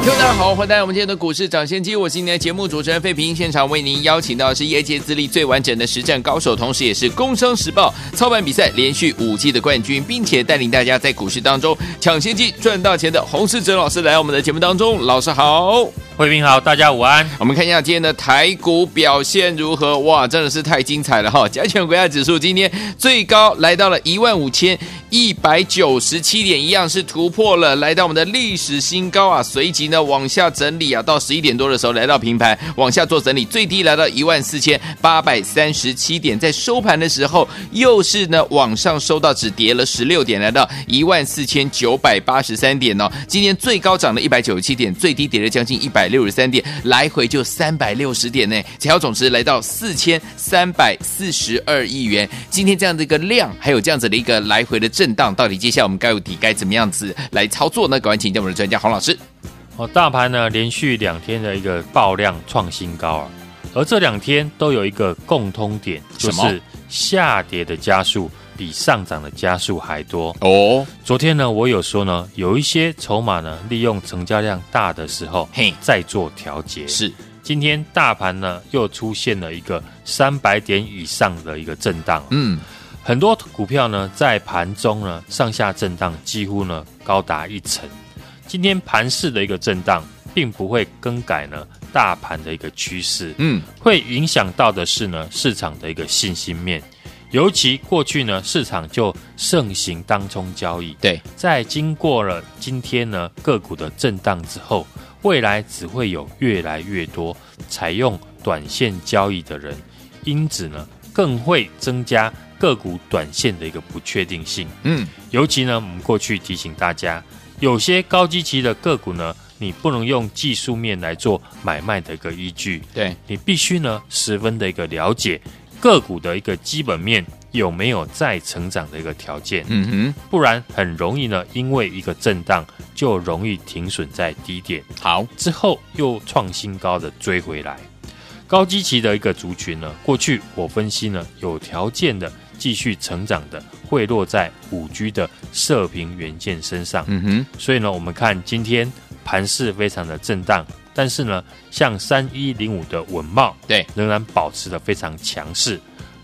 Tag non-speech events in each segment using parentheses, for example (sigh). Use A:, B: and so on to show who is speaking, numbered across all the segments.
A: 觀大家好，歡迎來到我們今天的股市漲先機。我是今天的節目主持人費平，現場為您邀請到的是業界資歷最完整的實戰高手，同時也是《工商時報》操盤比賽連續五季的冠軍，並且帶領大家在股市當中搶先機賺大錢的洪士哲老師來我們的節目當中。老師好。慧平好，大家午安。我們看一下今天的台股表現如何？哇，真的是太精彩了哈、哦！加權股價指數今天最高來到了一萬五千一百九十七點，一樣是突破了，來到我們的歷史新高啊。隨即呢往下整理啊，到十一點多的時候來到平盤，往下做整理，最低來到一萬四千八百三十七點。在收盤的時候又是呢往上收到只跌了十六點，來到一萬四千九百八十三點哦。今天最高漲了一百九十七點，最低跌了將近一百。百六十三點，來回就三百六十點呢，成交總值來到四千三百四十二億元。今天這樣的一個量，還有這樣子的一個來回的震盪，到底接下來我們到底該怎麼樣子來操作呢？趕快請教我們的專家洪老師。
B: 哦，大盤呢連續兩天的一個爆量創新高啊，而這兩天都有一個共通點，就是下跌的加速。比上漲的加速還多哦。昨天呢，我有說呢，有一些籌碼呢，利用成交量大的時候，嘿，再做調節。是，今天大盤呢，又出現了一個三百點以上的一個震盪。嗯，很多股票呢，在盤中呢，上下震盪，幾乎呢，高達一成。今天盤勢的一個震盪，並不會更改呢，大盤的一個趨勢。嗯，會影響到的是呢，市場的一個信心面。尤其過去呢，市場就盛行當沖交易。對，在經過了今天呢個股的震盪之後，未來只會有越來越多採用短線交易的人，因此呢，更會增加個股短線的一個不確定性。嗯，尤其呢，我們過去提醒大家，有些高基期的個股呢，你不能用技術面來做買賣的一個依據。對，你必須呢，十分的一個了解，個股的一個基本面有沒有再成長的一個條件？嗯哼，不然很容易呢，因為一個震盪就容易停損在低點。好，之後又創新高的追回來。高基期的一個族群呢，過去我分析呢，有條件的繼續成長的會落在五 G 的射頻元件身上。嗯哼，所以呢，我們看今天盤勢非常的震盪。但是呢，像三一零五的穩懋，對，仍然保持的非常強勢。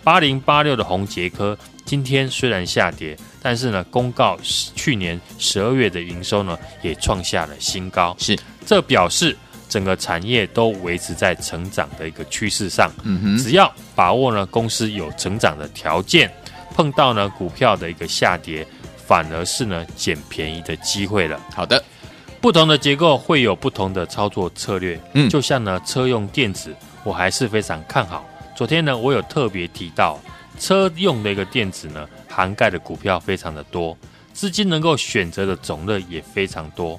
B: 八零八六的宏捷科，今天雖然下跌，但是呢，公告去年十二月的營收呢，也創下了新高。是，這表示整個產業都維持在成長的一個趨勢上。嗯哼，只要把握呢，公司有成長的條件，碰到呢，股票的一個下跌，反而是呢撿便宜的機會了。好的。不同的結構會有不同的操作策略。嗯，就像呢，車用電子，我還是非常看好。昨天呢，我有特別提到，車用的一個電子呢，涵蓋的股票非常的多，資金能夠選擇的種類也非常多。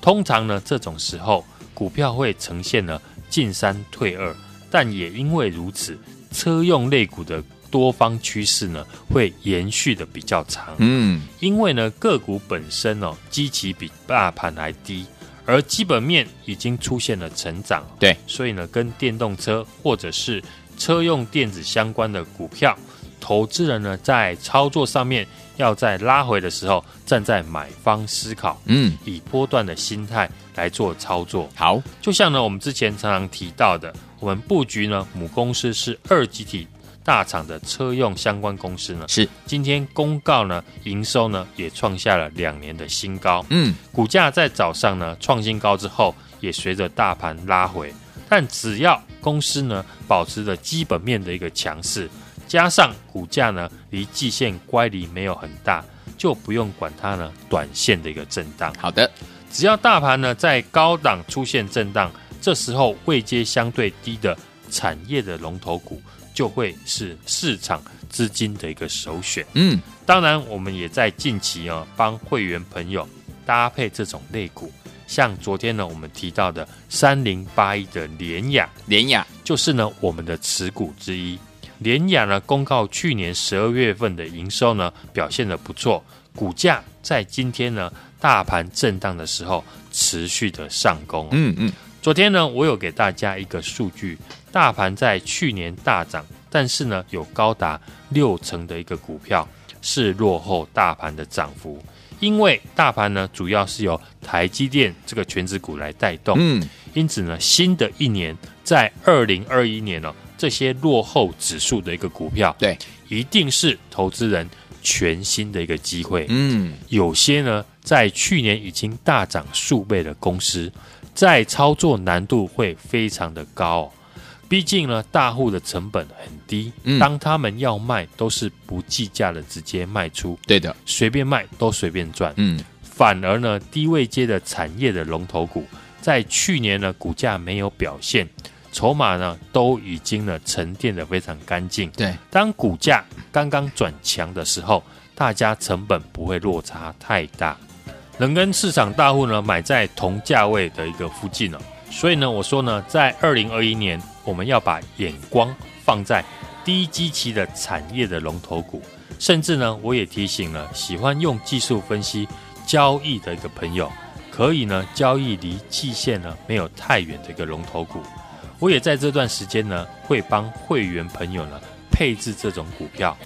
B: 通常呢，這種時候股票會呈現呢進三退二，但也因為如此，車用類股的多方趨勢呢會延續的比較長，嗯，因為呢個股本身哦，基期比大盤還低，而基本面已經出現了成長，對，所以呢，跟電動車或者是車用電子相關的股票，投資人呢在操作上面要在拉回的時候，站在買方思考，嗯，以波段的心態來做操作，好，就像呢我們之前常常提到的，我們布局呢母公司是二極體。大廠的車用相關公司呢，是今天公告呢，營收呢也創下了兩年的新高。嗯，股價在早上呢創新高之後，也隨着大盤拉回。但只要公司呢保持着基本面的一個強勢，加上股價呢離季線乖離沒有很大，就不用管它呢短線的一個震盪。好的，只要大盤呢在高檔出現震盪，這時候位階相對低的產業的龍頭股。就會是市場資金的一個首選。嗯，當然，我們也在近期呢幫會員朋友搭配這種類股，像昨天呢我們提到的三零八一的聯亞，聯亞就是呢我們的持股之一。聯亞呢公告去年十二月份的營收呢表現得不錯，股價在今天呢大盤震盪的時候持續的上攻。嗯嗯，昨天呢我有給大家一個數據。大盤在去年大漲，但是呢，有高達六成的一個股票，是落後大盤的漲幅，因為大盤呢主要是由台積電這個全指股來帶動，嗯，因此呢，新的一年在二零二一年呢，哦，這些落後指數的一個股票，對，一定是投資人全新的一個機會，嗯，有些呢在去年已經大漲數倍的公司，在操作難度會非常的高，哦。畢竟呢，大戶的成本很低，嗯、當他們要賣都是不計價的，直接賣出。對的，隨便賣都隨便賺。嗯，反而呢，低位階的產業的龍頭股，在去年呢，股價沒有表現，籌碼呢都已經呢沉澱的非常乾淨。對，當股價剛剛轉強的時候，大家成本不會落差太大，能跟市場大戶呢買在同價位的一個附近呢、哦所以呢，我說呢，在二零二一年，我們要把眼光放在低基期的產業的龍頭股，甚至呢，我也提醒了喜歡用技術分析交易的一個朋友，可以呢交易離季線呢沒有太遠的一個龍頭股。我也在這段時間呢，會幫會員朋友呢配置這種股票。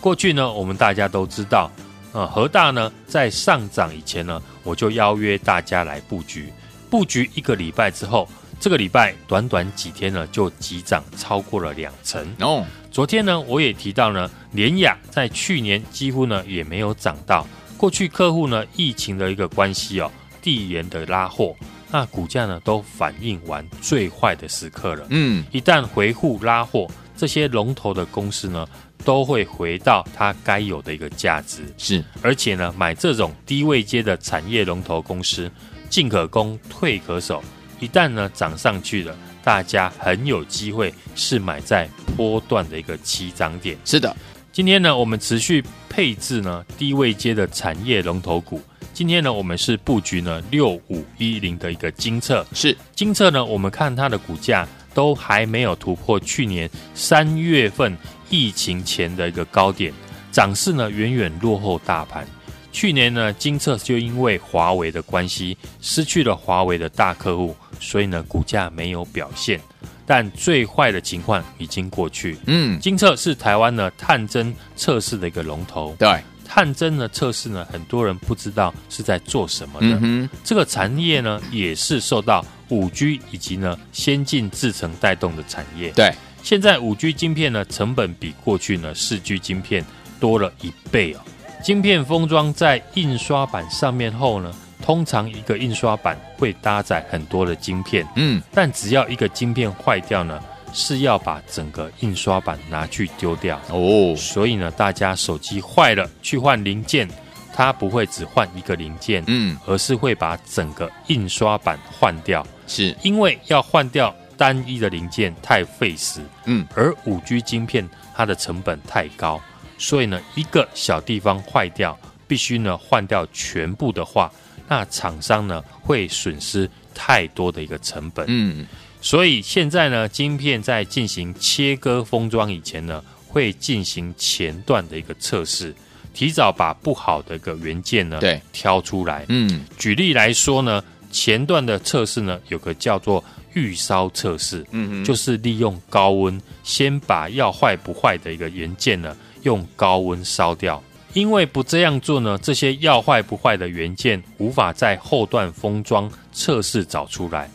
B: 過去呢，我們大家都知道，呃、啊，和大呢在上漲以前呢，我就邀約大家來布局。布局一個禮拜之後，這個禮拜短短幾天呢，就急漲超過了兩成。Oh. 昨天呢，我也提到呢，聯亞在去年幾乎呢也沒有漲到。過去客戶呢，疫情的一個關係哦，遞延的拉貨，那股價呢都反應完最壞的時刻了。嗯、mm.，一旦回復拉貨，這些龍頭的公司呢，都會回到它該有的一個價值。是，而且呢，買這種低位階的產業龍頭公司。進可攻，退可守。一旦呢漲上去了，大家很有機會是買在波段的一個起漲點。是的，今天呢我們持續配置呢低位階的產業龍頭股。今天呢我們是布局呢六五一零的一個精測。是精測呢，我們看它的股價都還沒有突破去年三月份疫情前的一個高點，漲勢呢遠遠落後大盤。去年呢，精測就因為華為的關係失去了華為的大客戶，所以呢，股價沒有表現。但最壞的情況已經過去。嗯，精測是台灣的探針測試的一個龍頭。對，探針的測試呢，很多人不知道是在做什麼的。這個產業呢，也是受到五 G 以及呢先進製程帶動的產業。對，現在五 G 晶片呢，成本比過去呢四 G 晶片多了一倍哦。晶片封裝在印刷板上面後呢，通常一個印刷板會搭載很多的晶片，嗯，但只要一個晶片壞掉呢，是要把整個印刷板拿去丟掉哦。所以呢，大家手機壞了去換零件，它不會只換一個零件，嗯，而是會把整個印刷板換掉，是因為要換掉單一的零件太費時，嗯，而五 G 晶片它的成本太高。所以呢，一個小地方壞掉，必須呢換掉全部的話，那廠商呢會損失太多的一個成本。嗯，所以現在呢，晶片在進行切割封裝以前呢，會進行前段的一個測試，提早把不好的一個元件呢，對，挑出來。嗯，舉例來說呢，前段的測試呢，有個叫做預燒測試，嗯，就是利用高溫先把要壞不壞的一個元件呢，用高溫燒掉，因為不這樣做呢，這些要壞不壞的元件無法在後段封裝測試找出來，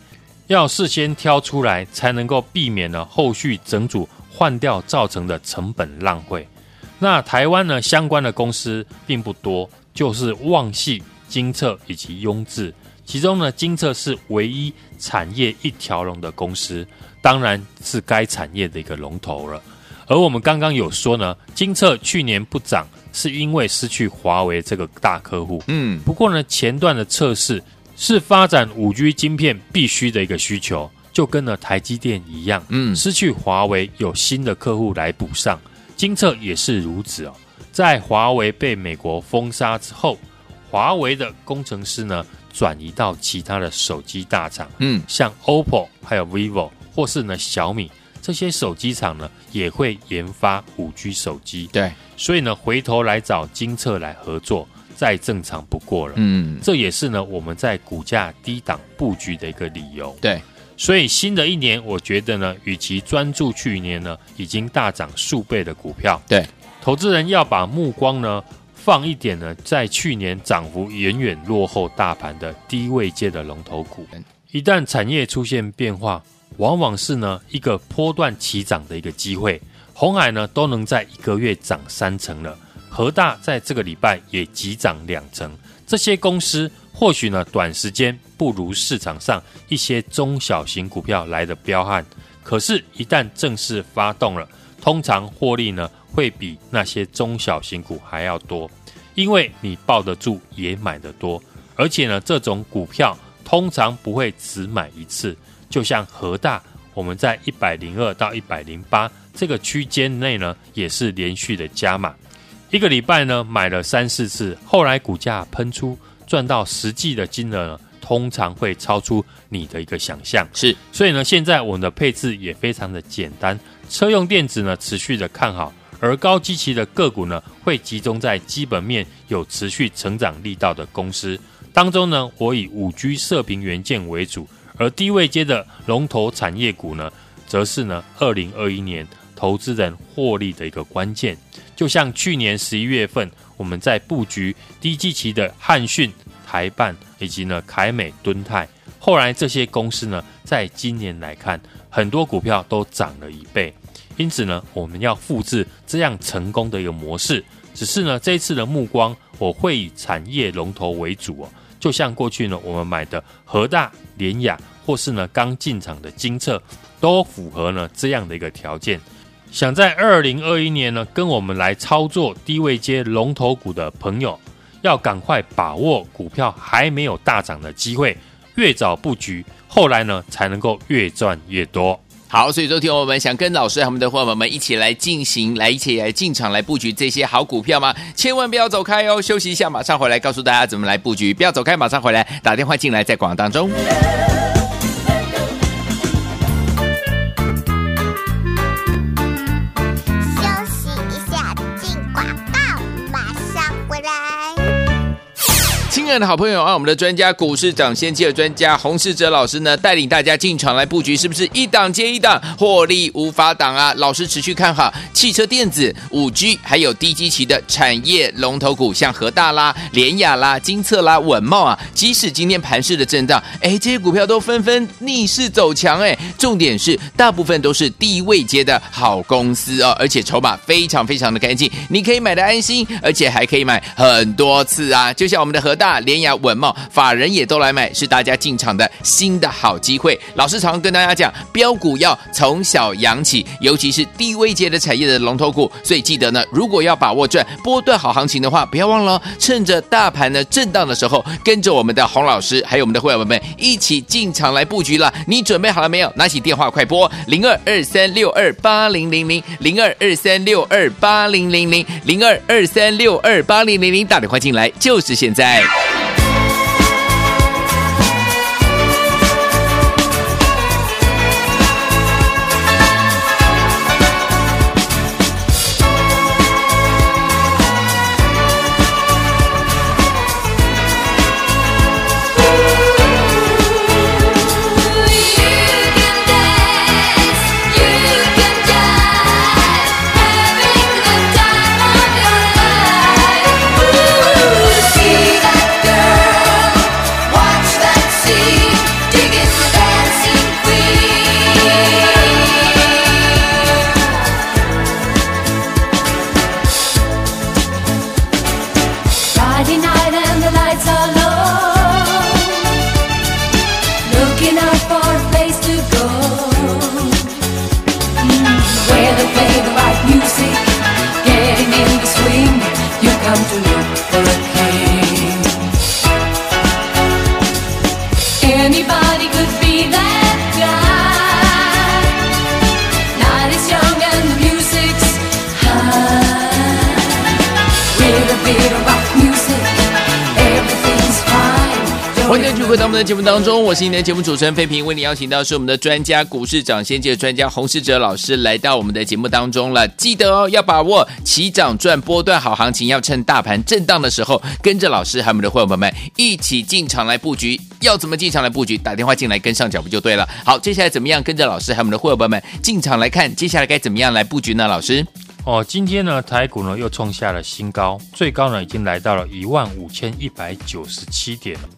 B: 要事先挑出來，才能夠避免了後續整組換掉造成的成本浪費。那台灣呢相關的公司並不多，就是旺矽、精測以及雍智，其中呢精測是唯一產業一條龍的公司，當然是該產業的一個龍頭了。而我們剛剛有說呢，精測去年不漲，是因為失去華為這個大客戶。嗯，不過呢，前段的測試是發展五 G 晶片必須的一個需求，就跟呢台積電一樣。嗯，失去華為有新的客戶來補上，精、嗯、測也是如此哦。在華為被美國封殺之後，華為的工程師呢轉移到其他的手機大廠，嗯，像 OPPO 還有 VIVO，或是呢小米。這些手機廠呢也會研發 5G 手機，對，所以呢回頭來找金策來合作再正常不過了，嗯，這也是呢我們在股價低檔布局的一個理由，對，所以新的一年我覺得呢，與其專注去年呢已經大漲數倍的股票，對，投資人要把目光呢放一點呢在去年漲幅遠遠落後大盤的低位階的龍頭股，嗯，一旦產業出現變化。往往是呢一個波段起漲的一個機會，鴻海呢都能在一個月漲三成了，和大在這個禮拜也急漲兩成，這些公司或許呢短時間不如市場上一些中小型股票來的彪悍，可是，一旦正式發動了，通常獲利呢會比那些中小型股還要多，因為你抱得住也買得多，而且呢這種股票通常不會只買一次。就像和大，我們在一百零二到一百零八這個區間內呢，也是連續的加碼。一個禮拜呢買了三四次，後來股價噴出，賺到實際的金額呢，通常會超出你的一個想象。是，所以呢，現在我們的配置也非常的簡單。車用電子呢，持續的看好，而高基期的個股呢，會集中在基本面有持續成長力道的公司當中呢，我以五 G 射頻元件為主。而低位接的龍頭產業股呢，則是呢二零二一年投資人獲利的一個關鍵。就像去年十一月份，我們在布局低基期的漢訊、台辦以及呢凱美、敦泰，後來這些公司呢，在今年來看，很多股票都漲了一倍。因此呢，我們要複製這樣成功的一個模式。只是呢，這次的目光，我會以產業龍頭為主啊就像過去呢，我們買的和大、聯亞，或是呢剛進場的金策，都符合呢這樣的一個條件。想在二零二一年呢跟我們來操作低位接龍頭股的朋友，要趕快把握股票還沒有大漲的機會，越早布局，後來呢才能夠越賺越多。
A: 好，所以昨天我們想跟老師他們的夥伴們一起來進行，來一起來進場來布局這些好股票嗎？千萬不要走開哦，休息一下，馬上回來告訴大家怎麼來布局，不要走開，馬上回來打電話進來，在廣告當中。 (music) 親愛的好朋友啊，我們的專家股市漲先機的專家洪士哲老師呢，帶領大家進場來布局，是不是一檔接一檔獲利無法擋啊？老師持續看好汽車電子、五 G 還有低基期的產業龍頭股，像和大啦、聯亞啦、金策啦、穩茂啊，即使今天盤勢的震盪，哎，這些股票都紛紛逆勢走強，哎，重點是大部分都是低位接的好公司啊，哦，而且籌碼非常非常的乾淨，你可以買得安心，而且還可以買很多次啊，就像我們的和大。連牙穩帽，法人也都來買，是大家進場的新的好機會。老師常常跟大家講，飆股，要從小養起，尤其是低位階的產業的龍頭股。所以記得呢，如果要把握賺波段好行情的話，不要忘了、哦、趁着大盤的震盪的時候，跟着我們的洪老師，還有我們的會員們，們一起進場來布局了。你準備好了沒有？拿起電話快撥零二二三六二八零零零零二二三六二八零零零零二二三六二八零零零大電快進來，就是現在。在節目當中，我是你的節目主持人費平，為你邀請到是我們的專家、股市漲先機的專家洪士哲老師來到我們的節目當中了。記得哦，要把握起漲轉波段好行情，要趁大盤震盪的時候，跟着老師和我們的會員友們一起進場來布局。要怎麼進場來布局？打電話進來跟上腳步就對了。好，接下來怎麼樣？跟着老師和我們的會員友們進場來看，接下來該怎麼樣來布局呢？老師，哦，今天呢，台
B: 股呢又創下了新高，最高呢已經來到了一萬五千一百九十七點了。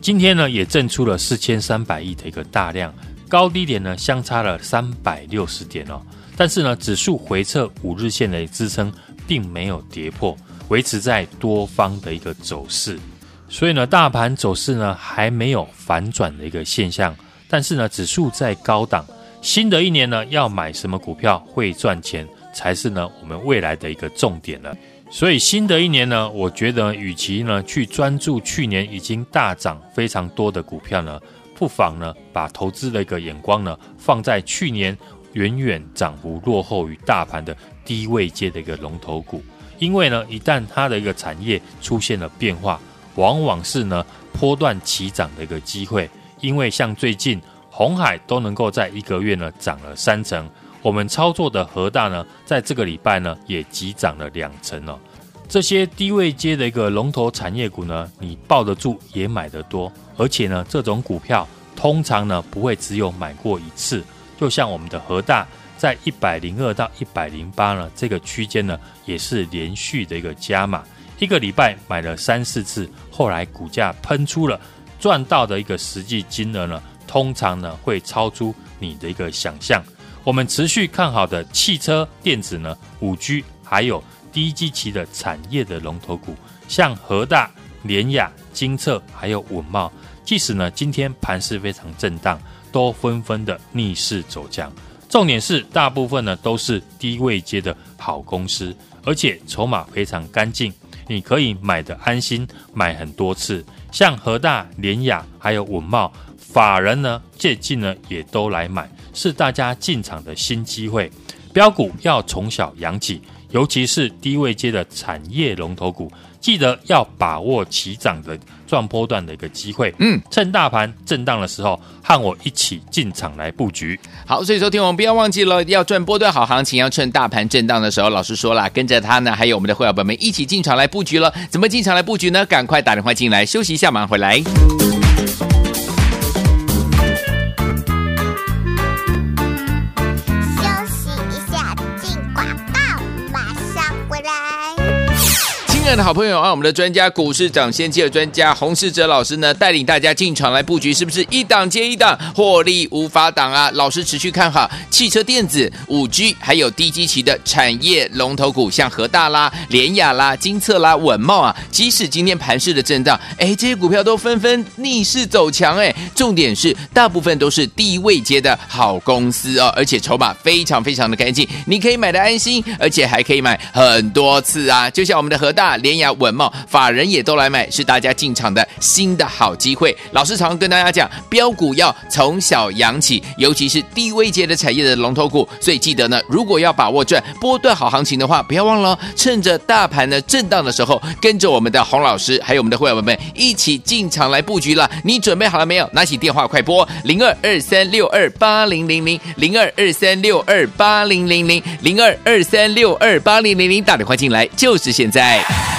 B: 今天呢，也震出了四千三百億的一個大量，高低點呢相差了三百六十點哦。但是呢，指數回撤五日線的支撐並沒有跌破，維持在多方的一個走勢。所以呢，大盤走勢呢還沒有反轉的一個現象。但是呢，指數在高檔。新的一年呢，要買什麼股票會賺錢，才是呢我們未來的一個重點呢。所以新的一年呢，我覺得與其呢去專注去年已經大漲非常多的股票呢，不妨呢把投資的一個眼光呢放在去年遠遠漲幅落後於大盤的低位階的一個龍頭股，因為呢一旦它的一個產業出現了變化，往往是呢波段起漲的一個機會，因為像最近紅海都能夠在一個月呢漲了三成。我們操作的和大呢，在這個禮拜呢也急漲了兩成了。這些低位階的一個龍頭產業股呢，你抱得住也買得多，而且呢，這種股票通常呢不會只有買過一次。就像我們的和大，在一百零二到一百零八呢這個區間呢，也是連續的一個加碼，一個禮拜買了三四次，後來股價噴出了，賺到的一個實際金額呢，通常呢會超出你的一個想象。我們持續看好的汽車電子呢，5G 還有低基期的產業的龍頭股，像和大、聯雅、精測還有穩懋，即使呢今天盤勢非常震盪，都紛紛的逆勢走強。重點是大部分呢都是低位階的好公司，而且籌碼非常乾淨，你可以買得安心，買很多次。像和大、聯雅還有穩懋，法人呢最近呢也都來買。是大家進場的新機會，標股要從小養起，尤其是低位階的產業龍頭股，記得要把握起漲的撞波段的一個機會。嗯，趁大盤震盪的時候，和我一起進場來布局。
A: 好，所以說聽我們不要忘記了，要賺波段好行情，要趁大盤震盪的時候。老師說了，跟着他呢，還有我們的會員朋友們一起進場來布局了。怎麼進場來布局呢？趕快打電話進來，休息一下，馬上回來。好朋友啊，我們的專家股市漲先機的專家洪士哲老師呢，帶領大家進場來布局，是不是一檔接一檔，獲利無法擋啊？老師持續看好汽車電子、五 G，還有低基期的產業龍頭股，像和大啦、連雅啦、金策啦、穩懋啊。即使今天盤勢的震盪，哎，這些股票都紛紛逆勢走強，哎，重點是大部分都是低位接的好公司哦，而且籌碼非常非常的乾淨，你可以買得安心，而且還可以買很多次啊。就像我們的和大。典牙穩貌，法人也都來買，是大家進場的新的好機會。老師常，常跟大家講，飆股要從小養起，尤其是低位階的產業的龍頭股。所以記得呢，如果要把握賺波段好行情的話，不要忘了、哦、趁着大盤的震盪的時候，跟着我們的洪老師，還有我們的會員們，們一起進場來布局了。你準備好了沒有？拿起電話快撥零二二三六二八零零零零二二三六二八零零零零二二三六二八零零零打電話進來，就是現在。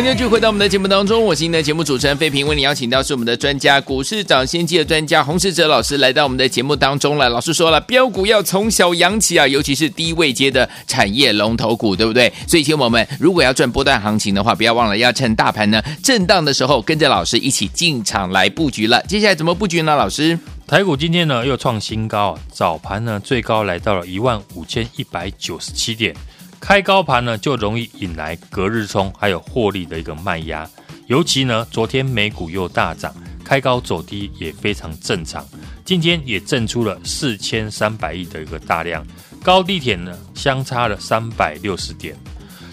A: 歡迎繼續回到我們的節目當中，我是你的節目主持人費平，為你邀請到是我們的專家，股市漲先機的專家洪士哲老師來到我們的節目當中了。老師說了，標股要從小養起啊，尤其是低位階的產業龍頭股，對不對？所以，請我們，如果要賺波段行情的話，不要忘了要趁大盤呢震盪的時候，跟着老師一起進場來布局了。接下來怎麼布局呢？老師，台股今天呢又創新高，早盤呢最
B: 高來到了一萬五千一百九十七點。開高盤呢，就容易引來隔日沖，還有獲利的一個賣壓。尤其呢，昨天美股又大漲，開高走低也非常正常。今天也震出了四千三百億的一個大量，高低點呢相差了三百六十點。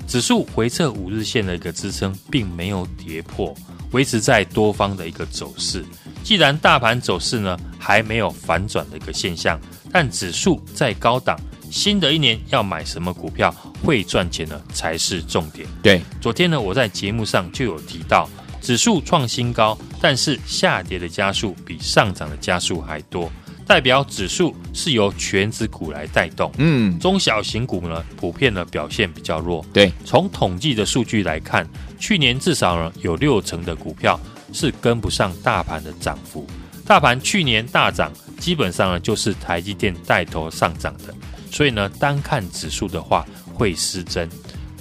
B: 指數回撤五日線的一個支撐，並沒有跌破，維持在多方的一個走勢。既然大盤走勢呢還沒有反轉的一個現象，但指數在高檔。新的一年要買什麼股票會賺錢呢？才是重點。對，昨天呢，我在節目上就有提到，指數創新高，但是下跌的加速比上漲的加速還多，代表指數是由權值股來帶動。嗯，中小型股呢，普遍的表現比較弱。對，從統計的數據來看，去年至少呢有六成的股票是跟不上大盤的漲幅。大盤去年大漲，基本上呢就是台積電帶頭上漲的。所以呢，單看指數的話會失真，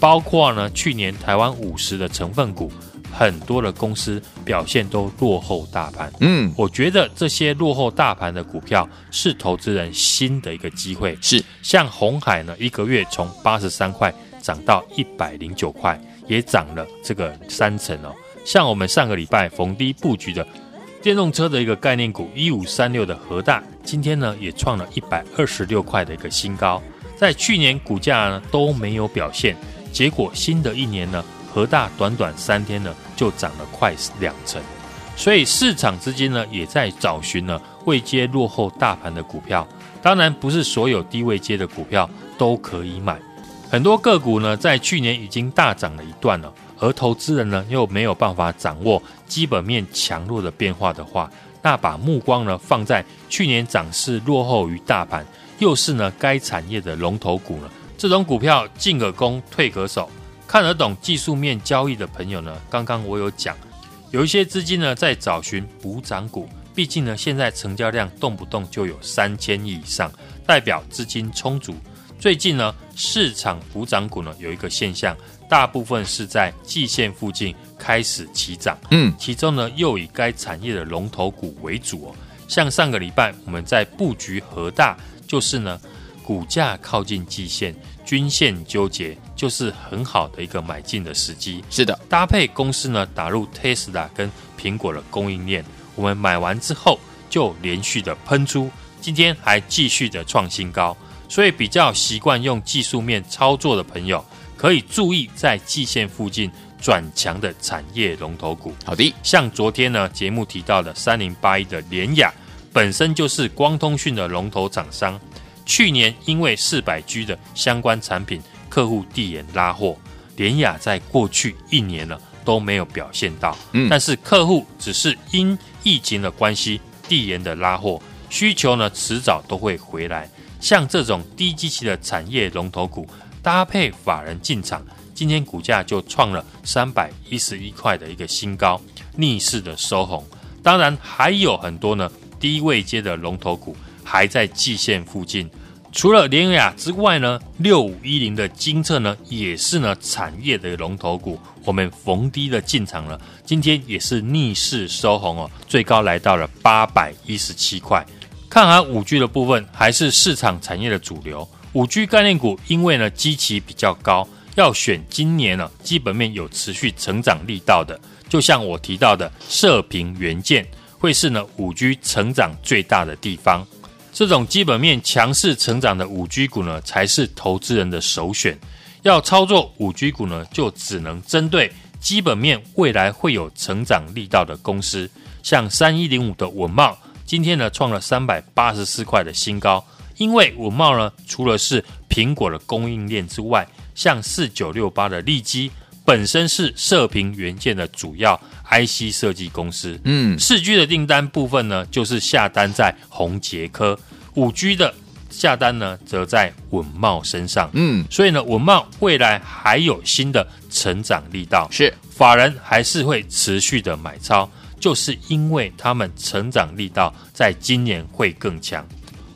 B: 包括呢，去年台灣五十的成分股很多的公司表現都落後大盤。嗯，我覺得這些落後大盤的股票是投資人新的一個機會。是，像鴻海呢，一個月從八十三塊漲到一百零九塊，也漲了這個三成哦。像我們上個禮拜逢低布局的電動車的一個概念股一五三六的和大。今天呢，也創了一百二十六塊的一個新高，在去年股價呢都沒有表現，結果新的一年呢，和大短短三天呢就漲了快兩成，所以市場資金呢也在找尋呢位階落後大盤的股票，當然不是所有低位階的股票都可以買，很多個股呢在去年已經大漲了一段了，而投資人呢又沒有辦法掌握基本面強弱的變化的話。那把目光呢放在去年漲勢落後於大盤，又是呢該產業的龍頭股呢，這種股票進可攻退可守，看得懂技術面交易的朋友呢，剛剛我有講，有一些資金呢在找尋補漲股，畢竟呢現在成交量動不動就有三千億以上，代表資金充足。最近呢市場補漲股呢有一個現象，大部分是在季線附近。開始起漲，嗯，其中呢又以該產業的龍頭股為主哦，像上個禮拜我們在布局和大，就是呢股價靠近季線，均線糾結，就是很好的一個買進的時機。是的，搭配公司呢打入 Tesla 跟蘋果的供應鏈，我們買完之後就連續的噴出，今天還繼續的創新高，所以比較習慣用技術面操作的朋友，可以注意在季線附近。轉強的產業龍頭股，好的，像昨天呢節目提到的三零八一的聯亞，本身就是光通訊的龍頭廠商，去年因為四百 G 的相關產品客戶遞延拉貨，聯亞在過去一年了都沒有表現到，嗯，但是客戶只是因疫情的關係遞延的拉貨需求呢，遲早都會回來，像這種低基期的產業龍頭股，搭配法人進場。今天股價就創了三百一十一塊的一個新高，逆勢的收紅。當然還有很多呢，低位階的龍頭股還在季線附近。除了聯亞之外呢，六五一零的精測呢也是呢產業的龍頭股，我們逢低的進場了，今天也是逆勢收紅哦，最高來到了八百一十七塊。看好五 G 的部分還是市場產業的主流，五 G 概念股因為呢基期比較高。要選今年呢，基本面有持續成長力道的，就像我提到的射頻元件，會是呢五 G 成長最大的地方。這種基本面強勢成長的五 G 股呢，才是投資人的首選。要操作五 G 股呢，就只能針對基本面未來會有成長力道的公司，像三一零五的穩懋，今天呢創了三百八十四塊的新高，因為穩懋呢除了是蘋果的供應鏈之外，像四九六八的立積本身是射頻元件的主要 IC 設計公司，嗯，四 G 的訂單部分呢，就是下單在宏捷科，五 G 的下單呢，則在穩懋身上，嗯，所以呢，穩懋未來還有新的成長力道，是法人還是會持續的買超，就是因為他們成長力道在今年會更強。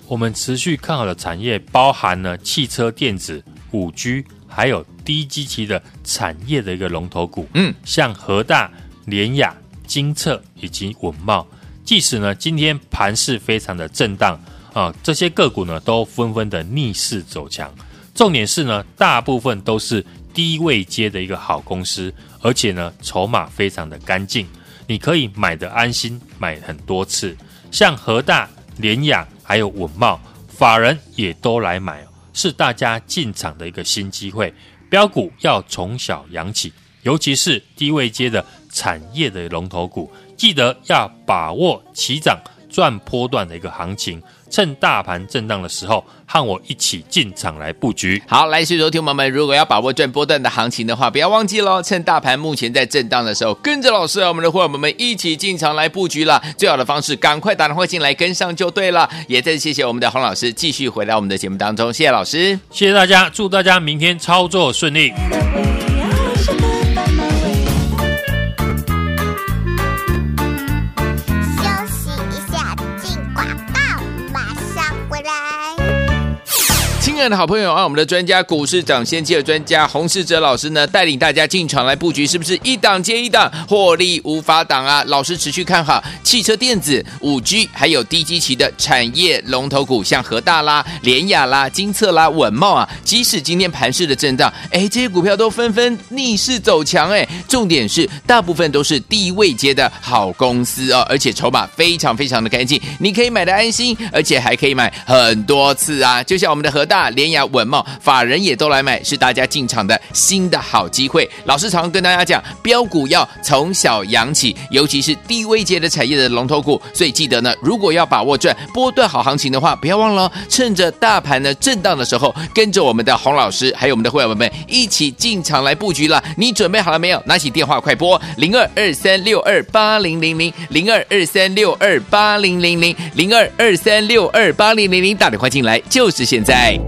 B: 我們持續看好的產業，包含了汽車電子、五 G。還有低基期的產業的一個龍頭股，嗯，像和大、聯亞、精測以及穩懋，即使呢今天盤勢非常的震盪啊、呃，這些個股呢都紛紛的逆勢走強。重點是呢，大部分都是低位階的一個好公司，而且呢籌碼非常的乾淨，你可以買得安心，買很多次。像和大、聯亞還有穩懋，法人也都來買。是大家進場的一個新機會，飆股要從小養起，尤其是低位階的產業的龍頭股，記得要把握起漲。轉波段的一個行情，趁大盤震盪的時候，和我一起進場來佈局。
A: 好，來，各州聽友們，如果要把握轉波段的行情的話，不要忘記嘍，趁大盤目前在震盪的時候，跟着老師和我們的夥伴們一起進場來佈局了。最好的方式，趕快打電話進來跟上就對了。也再次謝謝我們的洪老師，繼續回到我們的節目當中，謝謝老師，
B: 謝謝大家，祝大家明天操作順利。
A: 親愛的好朋友啊，我們的專家、股市漲先機的專家洪士哲老師呢，帶領大家進場來布局，是不是一檔接一檔獲利無法擋啊？老師持續看好汽車電子、五 G，還有低基期的產業龍頭股，像和大啦、聯亞啦、金策啦、穩懋啊。即使今天盤勢的震盪，哎，這些股票都紛紛逆勢走強、欸，哎，重點是大部分都是低位接的好公司哦，而且籌碼非常非常的乾淨，你可以買的安心，而且還可以買很多次啊。就像我們的和大。連牙穩帽，法人也都來買，是大家進場的新的好機會。老師常常跟大家講，飆股要從小養起，尤其是低位階的產業的龍頭股。所以記得呢，如果要把握賺波段好行情的話，不要忘了哦，趁着大盤的震盪的時候，跟着我們的洪老師，還有我們的會員們一起進場來布局了。你準備好了沒有？拿起電話快撥零二二三六二八零零零零二二三六二八零零零零二二三六二八零零零，打電話快進來就是現在。